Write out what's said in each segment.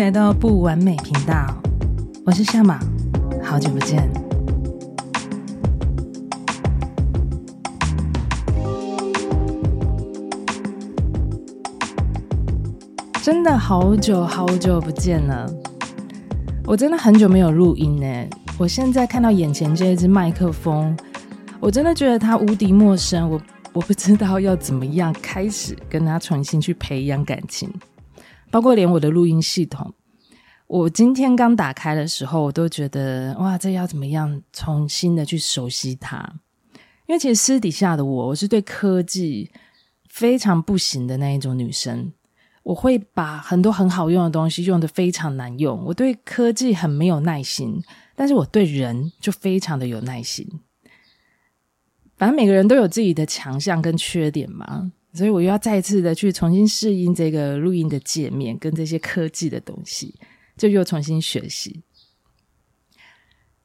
來到不完美頻道，我是夏瑪，好久不見，真的好久好久不見了，我真的很久沒有錄音呢、欸。我現在看到眼前這一支麥克風，我真的覺得它無敵陌生，我我不知道要怎麼樣開始跟它重新去培養感情。包括連我的錄音系統，我今天剛打開的時候，我都覺得哇，這要怎麼樣重新的去熟悉它？因為其實私底下的我，我是對科技非常不行的那一種女生。我會把很多很好用的東西用得非常難用，我對科技很沒有耐心，但是我對人就非常的有耐心。反正每個人都有自己的強項跟缺點嘛。所以，我又要再一次的去重新適應這個錄音的界面，跟這些科技的東西，就又重新學習。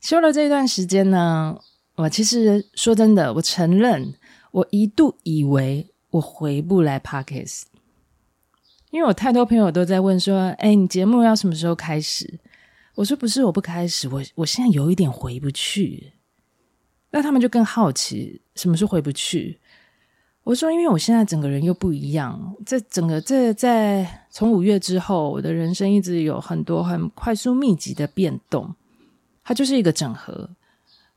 休了這一段時間呢，我其實說真的，我承認，我一度以為我回不來 Podcast，因為我太多朋友都在問說：“哎，你節目要什麼時候開始？”我說：“不是我不開始，我我現在有一點回不去。”那他們就更好奇，什麼時候回不去？我說，因為我現在整個人又不一樣。這整個這在，在從五月之後，我的人生一直有很多很快速密集的變動，它就是一個整合。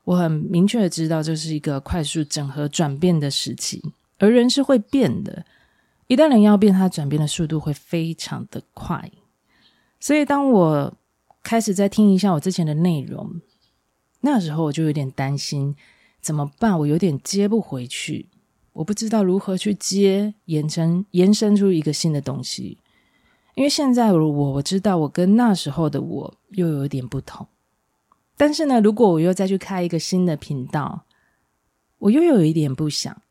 我很明確的知道，這是一個快速整合轉變的時期。而人是會變的，一旦人要變，它轉變的速度會非常的快。所以，當我開始再聽一下我之前的內容，那時候我就有點擔心，怎麼辦？我有點接不回去。我不知道如何去接延伸，延伸出一個新的東西，因為現在我我知道我跟那時候的我又有一點不同，但是呢，如果我又再去開一個新的頻道，我又有一點不想，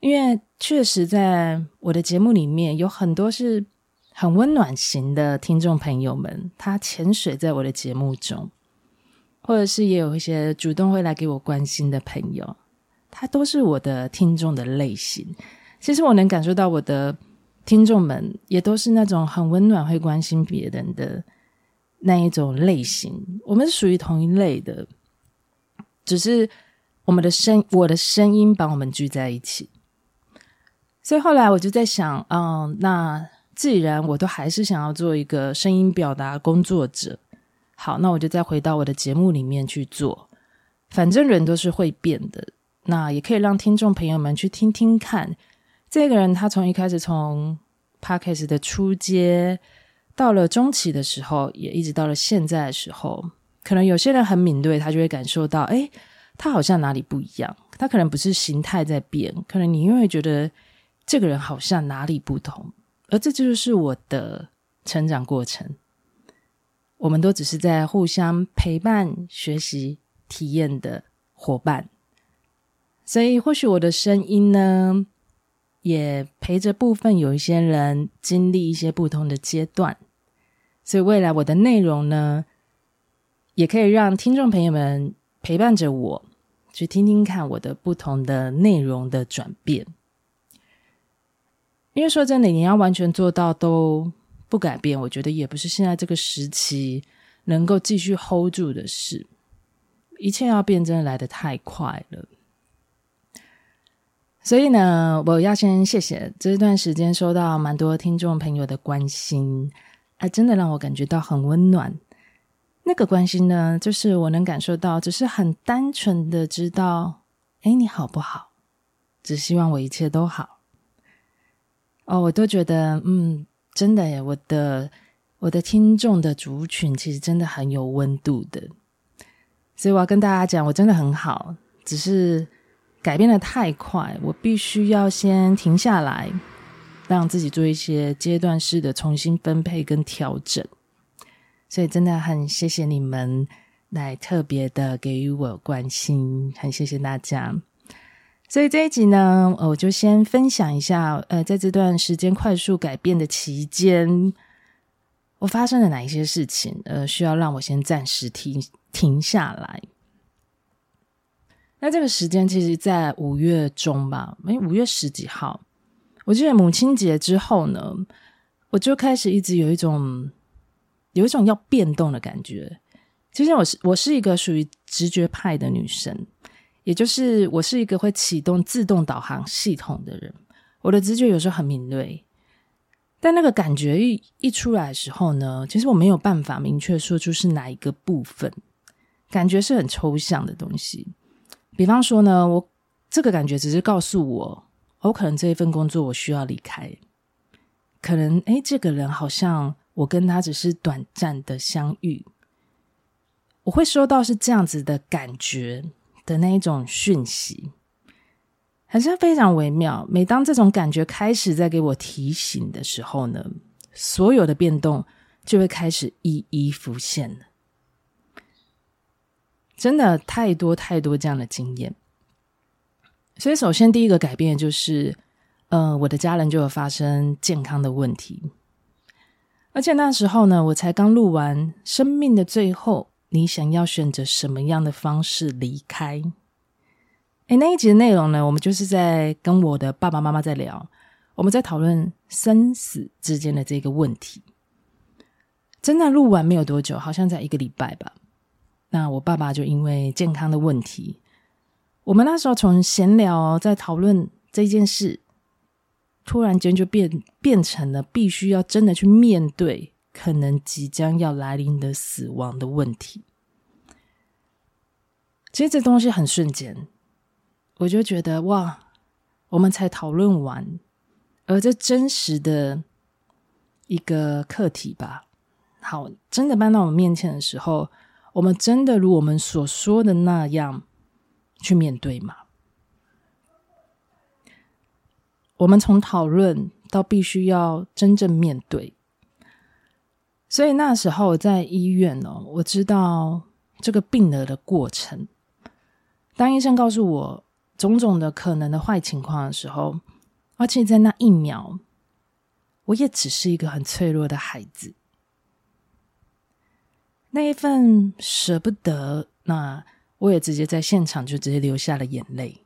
因為確實在我的節目裡面有很多是很溫暖型的聽眾朋友們，他潛水在我的節目中，或者是也有一些主動會來給我關心的朋友。它都是我的聽眾的類型，其實我能感受到我的聽眾們也都是那種很溫暖、會關心別人的那一種類型。我們是屬於同一類的，只是我們的聲，我的聲音把我們聚在一起。所以後來我就在想，嗯、哦，那既然我都還是想要做一個聲音表達工作者，好，那我就再回到我的節目裡面去做。反正人都是會變的。那也可以讓聽眾朋友們去聽聽看，這個人他從一開始從 podcast 的初階到了中期的時候，也一直到了現在的時候，可能有些人很敏銳，他就會感受到，哎，他好像哪裡不一樣。他可能不是形態在變，可能你因為覺得這個人好像哪裡不同，而這就是我的成長過程。我們都只是在互相陪伴、學習、體驗的夥伴。所以，或許我的聲音呢，也陪着部分有一些人經歷一些不同的階段。所以，未來我的內容呢，也可以讓聽眾朋友們陪伴着我去聽聽看我的不同的內容的轉變。因為說真的，你要完全做到都不改變，我覺得也不是現在這個時期能夠繼續 hold 住的事。一切要變，真的來得太快了。所以呢，我要先謝謝這段時間收到蠻多聽眾朋友的關心，啊，真的讓我感覺到很溫暖。那個關心呢，就是我能感受到，只是很單純的知道，哎，你好不好？只希望我一切都好。哦，我都覺得，嗯，真的耶，我的我的聽眾的族群其實真的很有溫度的。所以我要跟大家講，我真的很好，只是，改變的太快，我必須要先停下來，讓自己做一些階段式的重新分配跟調整。所以真的很謝謝你們來特別的給予我關心，很謝謝大家。所以這一集呢，呃，我就先分享一下，呃，在這段時間快速改變的期間，我發生了哪一些事情，呃，需要讓我先暫時停停下來。那這個時間其實在五月中吧，誒，五月十幾號，我記得母親節之後呢，我就開始一直有一種有一種要變動的感覺。其實我是我是一個屬於直覺派的女生，也就是我是一個會啟動自動導航系統的人。我的直覺有時候很敏銳，但那個感覺一一出來的時候呢，其實我沒有辦法明確說出是哪一個部分，感覺是很抽象的東西。比方說呢，我這個感覺只是告訴我，我可能這一份工作我需要離開，可能哎，這個人好像我跟他只是短暫的相遇，我會收到是這樣子的感覺的那一種訊息，還是非常微妙。每當這種感覺開始在給我提醒的時候呢，所有的變動就會開始一一浮現了。真的太多太多這樣的經驗，所以首先第一個改變就是，呃，我的家人就有發生健康的問題，而且那時候呢，我才剛錄完《生命的最後》，你想要選擇什麼樣的方式離開？誒、欸，那一集的內容呢，我們就是在跟我的爸爸媽媽在聊，我們在討論生死之間的這個問題。真的錄完沒有多久，好像在一個禮拜吧。那我爸爸就因為健康的問題，我們那時候從閒聊在討論這件事，突然間就變變成了必須要真的去面對可能即將要來臨的死亡的問題。其實這東西很瞬間，我就覺得哇，我們才討論完，而這真實的一個課題吧。好，真的搬到我們面前的時候。我們真的如我們所說的那樣去面對嗎？我們從討論到必須要真正面對，所以那時候我在醫院哦，我知道這個病了的過程。當醫生告訴我種種的可能的壞情況的時候，而且在那一秒，我也只是一個很脆弱的孩子。那一份捨不得，那我也直接在現場就直接流下了眼淚。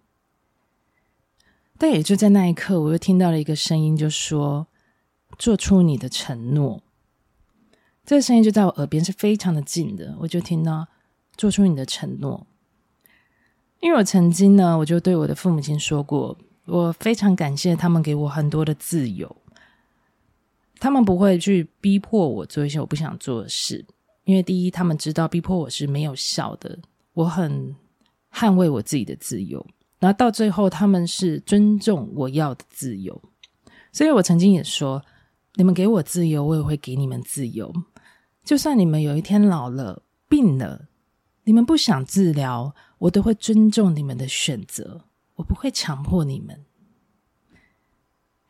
但也就在那一刻，我又聽到了一個聲音，就說：“做出你的承諾。”這個聲音就在我耳邊是非常的近的，我就聽到“做出你的承諾”。因為我曾經呢，我就對我的父母親說過，我非常感謝他們給我很多的自由，他們不會去逼迫我做一些我不想做的事。因為第一，他們知道逼迫我是沒有效的，我很捍衛我自己的自由。然後到最後，他們是尊重我要的自由。所以我曾經也說，你們給我自由，我也會給你們自由。就算你們有一天老了、病了，你們不想治療，我都會尊重你們的選擇，我不會強迫你們。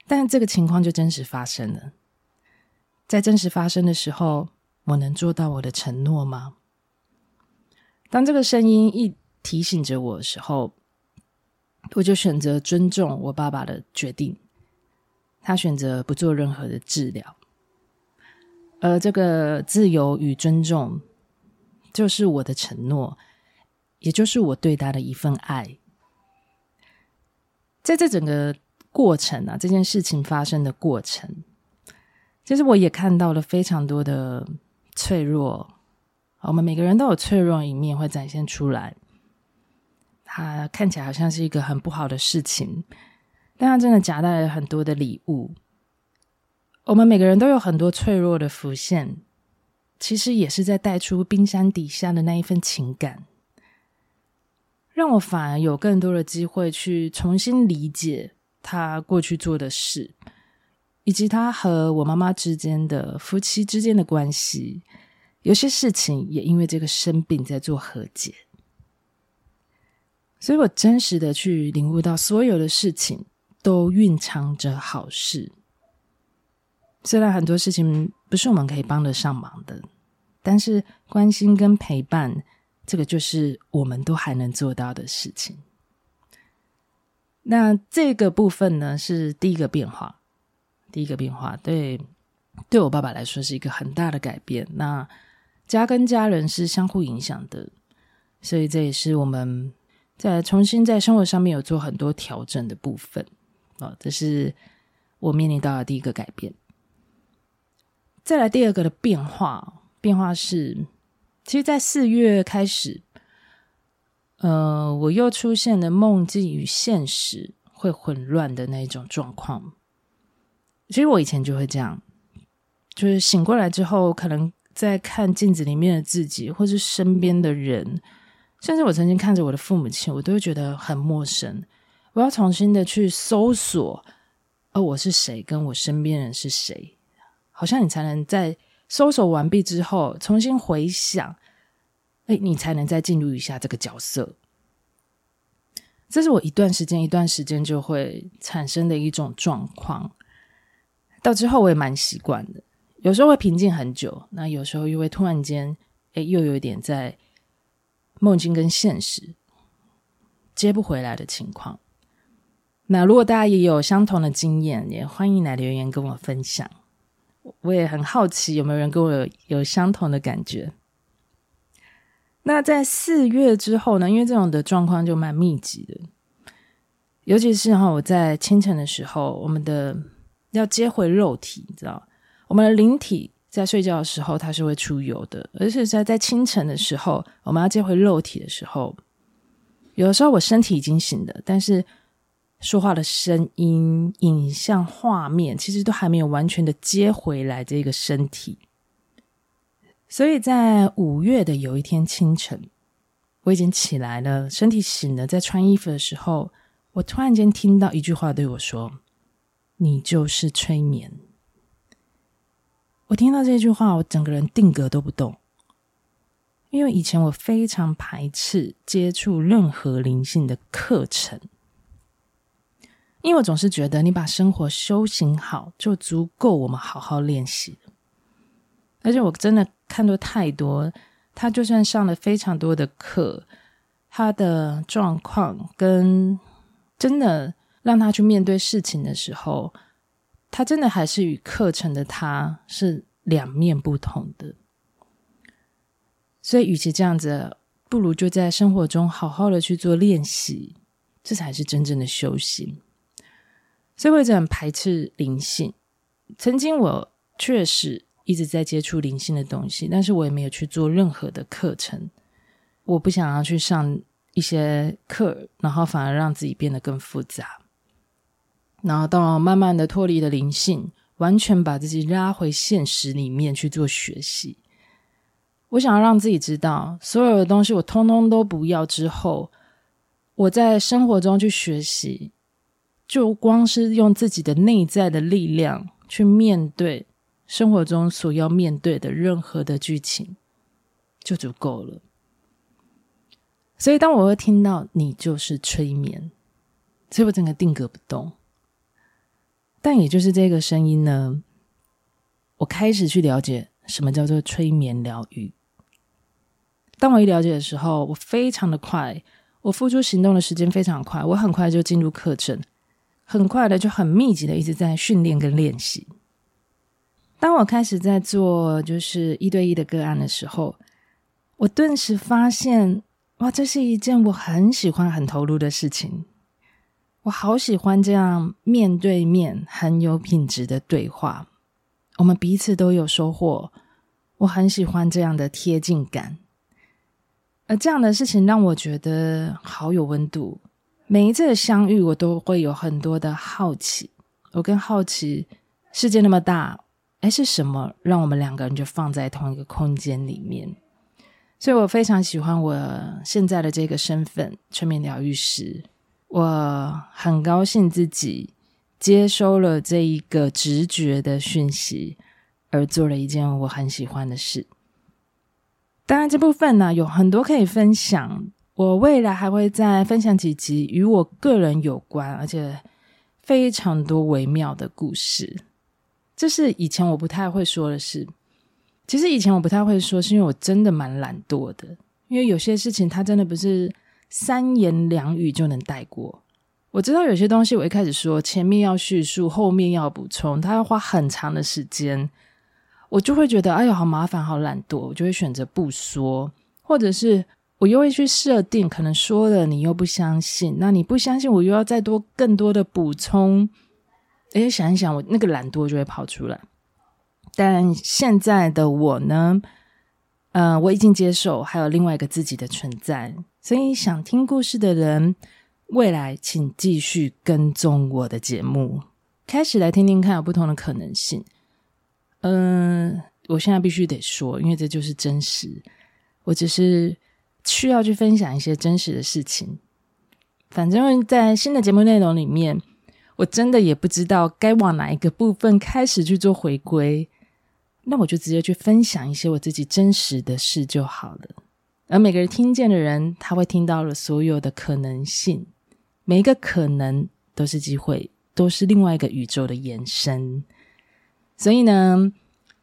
但這個情況就真實發生了，在真實發生的時候。我能做到我的承諾嗎？當這個聲音一提醒着我的時候，我就選擇尊重我爸爸的決定。他選擇不做任何的治療，而這個自由與尊重，就是我的承諾，也就是我對他的一份愛。在這整個過程啊，這件事情發生的過程，其實我也看到了非常多的。脆弱，我們每個人都有脆弱一面，會展現出來。它看起來好像是一個很不好的事情，但它真的夾帶了很多的禮物。我們每個人都有很多脆弱的浮現，其實也是在帶出冰山底下的那一份情感，讓我反而有更多的機會去重新理解他過去做的事。以及他和我媽媽之間的夫妻之間的關係，有些事情也因為這個生病在做和解，所以我真實的去領悟到，所有的事情都蘊藏着好事。雖然很多事情不是我們可以幫得上忙的，但是關心跟陪伴，這個就是我們都還能做到的事情。那這個部分呢，是第一個變化。第一個變化，對，對我爸爸來說是一個很大的改變。那家跟家人是相互影響的，所以這也是我們在重新在生活上面有做很多調整的部分。這是我面臨到的第一個改變。再來第二個的變化，變化是，其實，在四月開始，呃，我又出現了夢境與現實會混亂的那一種狀況。其實我以前就會這樣，就是醒過來之後，可能在看鏡子裡面的自己，或是身邊的人，甚至我曾經看着我的父母親，我都會覺得很陌生。我要重新的去搜索，呃、哦，我是誰，跟我身邊人是誰，好像你才能在搜索完畢之後，重新回想，哎，你才能再進入一下這個角色。這是我一段時間一段時間就會產生的一種狀況。到之後我也蠻習慣的，有時候會平靜很久，那有時候又會突然間，哎、欸，又有一點在夢境跟現實接不回來的情況。那如果大家也有相同的經驗，也歡迎來留言跟我分享。我也很好奇有沒有人跟我有有相同的感覺。那在四月之後呢？因為這種的狀況就蠻密集的，尤其是哈，我在清晨的時候，我們的。要接回肉體，你知道，我們的靈體在睡覺的時候，它是會出遊的，而且在在清晨的時候，我們要接回肉體的時候，有的時候我身體已經醒了，但是說話的聲音、影像、畫面，其實都還沒有完全的接回來這個身體。所以在五月的有一天清晨，我已經起來了，身體醒了，在穿衣服的時候，我突然間聽到一句話對我說。你就是催眠。我聽到這句話，我整個人定格都不動，因為以前我非常排斥接觸任何靈性的課程，因為我總是覺得你把生活修行好，就足夠我們好好練習。而且我真的看到太多，他就算上了非常多的課，他的狀況跟真的。讓他去面對事情的時候，他真的還是與課程的他是兩面不同的。所以，與其這樣子，不如就在生活中好好的去做練習，這才是真正的修行。所以，我一直很排斥靈性。曾經我確實一直在接觸靈性的東西，但是我也沒有去做任何的課程。我不想要去上一些課，然後反而讓自己變得更複雜。然後到慢慢的脫離了靈性，完全把自己拉回現實裡面去做學習。我想要讓自己知道，所有的東西我通通都不要之後，我在生活中去學習，就光是用自己的內在的力量去面對生活中所要面對的任何的劇情，就足夠了。所以當我會聽到“你就是催眠”，所以我整個定格不動。但也就是這個聲音呢，我開始去了解什麼叫做催眠療癒。當我一了解的時候，我非常的快，我付出行動的時間非常快，我很快就進入課程，很快的就很密集的一直在訓練跟練習。當我開始在做就是一對一的個案的時候，我頓時發現，哇，這是一件我很喜歡、很投入的事情。我好喜歡這樣面對面很有品質的對話，我們彼此都有收穫。我很喜歡這樣的貼近感，而這樣的事情讓我覺得好有溫度。每一次的相遇，我都會有很多的好奇。我更好奇，世界那麼大，哎，是什麼讓我們兩個人就放在同一個空間裡面？所以我非常喜歡我現在的這個身份——催眠療癒師。我很高興自己接收了這一個直覺的訊息，而做了一件我很喜歡的事。當然，這部分呢，啊，有很多可以分享。我未來還會再分享幾集與我個人有關，而且非常多微妙的故事。這是以前我不太會說的事。其實以前我不太會說，是因為我真的蠻懶惰的，因為有些事情它真的不是。三言兩語就能帶過。我知道有些東西，我一開始說前面要敘述，後面要補充，它要花很長的時間，我就會覺得哎呦好麻煩，好懶惰，我就會選擇不說，或者是我又會去設定，可能說了你又不相信，那你不相信我又要再多更多的補充，哎，想一想，我那個懶惰就會跑出來。但現在的我呢，嗯、呃，我已經接受還有另外一個自己的存在。所以，想聽故事的人，未來請繼續跟蹤我的節目，開始來聽聽看有不同的可能性。嗯、呃，我現在必須得說，因為這就是真實。我只是需要去分享一些真實的事情。反正，在新的節目內容裡面，我真的也不知道該往哪一個部分開始去做回歸。那我就直接去分享一些我自己真實的事就好了。而每個人聽見的人，他會聽到了所有的可能性，每一個可能都是機會，都是另外一個宇宙的延伸。所以呢，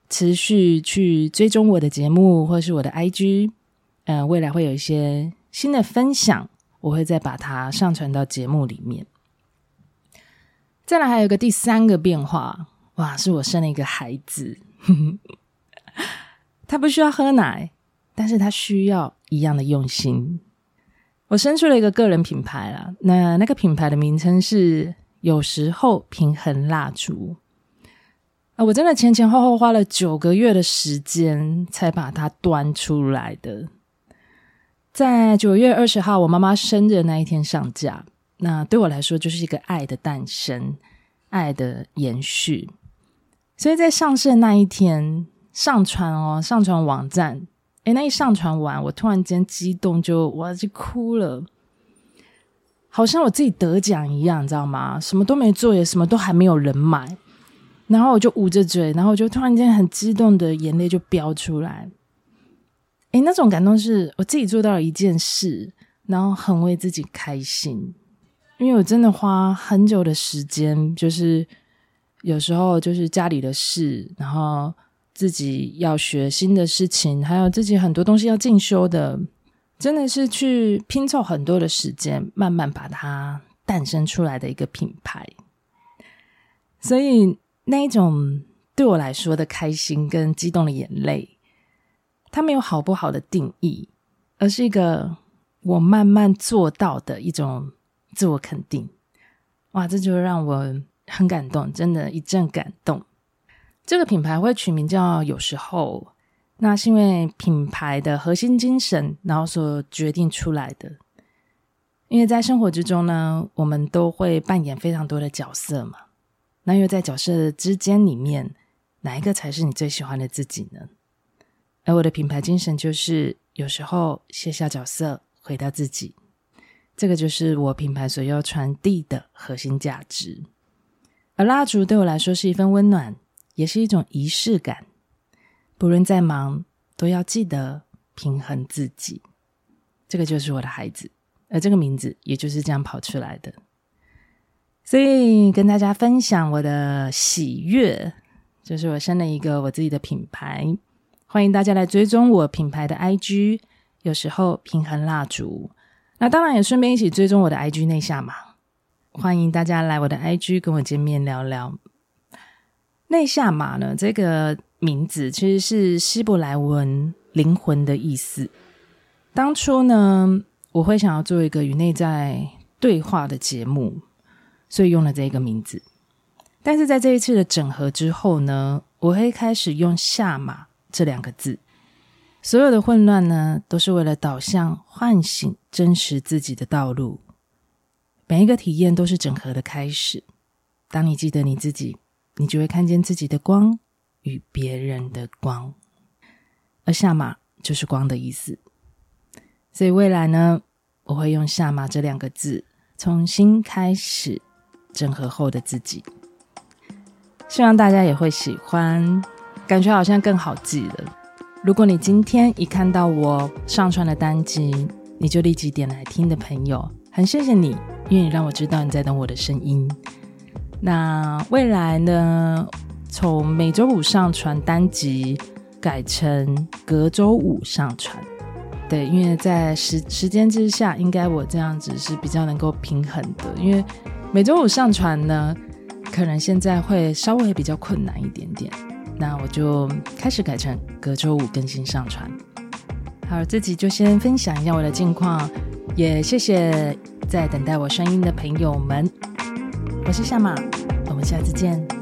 持續去追蹤我的節目，或是我的 IG，呃，未來會有一些新的分享，我會再把它上傳到節目裡面。再來，還有一個第三個變化，哇，是我生了一個孩子，呵呵，他不需要喝奶。但是它需要一樣的用心。我生出了一個個人品牌啦，那那個品牌的名稱是“有蒔候平衡蠟燭”。啊，我真的前前後後花了九個月的時間才把它端出來的。在九月二十號，我媽媽生日的那一天上架，那對我來說就是一個愛的誕生，愛的延續。所以在上市的那一天，上傳哦，上傳網站。哎，那一上傳完，我突然間激動就，就哇，就哭了，好像我自己得獎一樣，你知道嗎？什麼都沒做也，也什麼都還沒有人買，然後我就捂着嘴，然後我就突然間很激動的眼淚就飆出來。哎，那種感動是，我自己做到了一件事，然後很為自己開心，因為我真的花很久的時間，就是有時候就是家裡的事，然後。自己要學新的事情，還有自己很多東西要進修的，真的是去拼湊很多的時間，慢慢把它誕生出來的一個品牌。所以那一種對我來說的開心跟激動的眼淚，它沒有好不好的定義，而是一個我慢慢做到的一種自我肯定。哇，這就會讓我很感動，真的一陣感動。這個品牌會取名叫“有蒔候”，那是因為品牌的核心精神，然後所決定出來的。因為在生活之中呢，我們都會扮演非常多的角色嘛。那因為在角色之間裡面，哪一個才是你最喜歡的自己呢？而我的品牌精神就是有時候卸下角色，回到自己。這個就是我品牌所要傳遞的核心價值。而蠟燭對我來說是一份溫暖。也是一種儀式感，不論再忙，都要記得平衡自己。這個就是我的孩子，而這個名字也就是這樣跑出來的。所以跟大家分享我的喜悅，就是我生了一個我自己的品牌，歡迎大家來追蹤我品牌的 IG。有蒔候平衡蠟燭，那當然也順便一起追蹤我的 IG 內下嘛。歡迎大家來我的 IG 跟我見面聊聊。內夏瑪呢，這個名字其實是希伯來文“靈魂”的意思。當初呢，我會想要做一個與內在對話的節目，所以用了這個名字。但是在這一次的整合之後呢，我會開始用“夏瑪”這兩個字。所有的混亂呢，都是為了導向喚醒真實自己的道路。每一個體驗都是整合的開始。當你記得你自己。你就會看見自己的光與別人的光，而夏瑪就是光的意思。所以未來呢，我會用“夏瑪”這兩個字，重新開始整合後的自己。希望大家也會喜歡，感覺好像更好記了。如果你今天一看到我上傳的單集，你就立即點來聽的朋友，很謝謝你願意讓我知道你在等我的聲音。那未來呢？從每周五上傳單集改成隔周五上傳，對，因為在時時間之下，應該我這樣子是比較能夠平衡的。因為每周五上傳呢，可能現在會稍微比較困難一點點。那我就開始改成隔周五更新上傳。好，自己就先分享一下我的近況，也謝謝在等待我聲音的朋友們。我是夏瑪，我們下次見。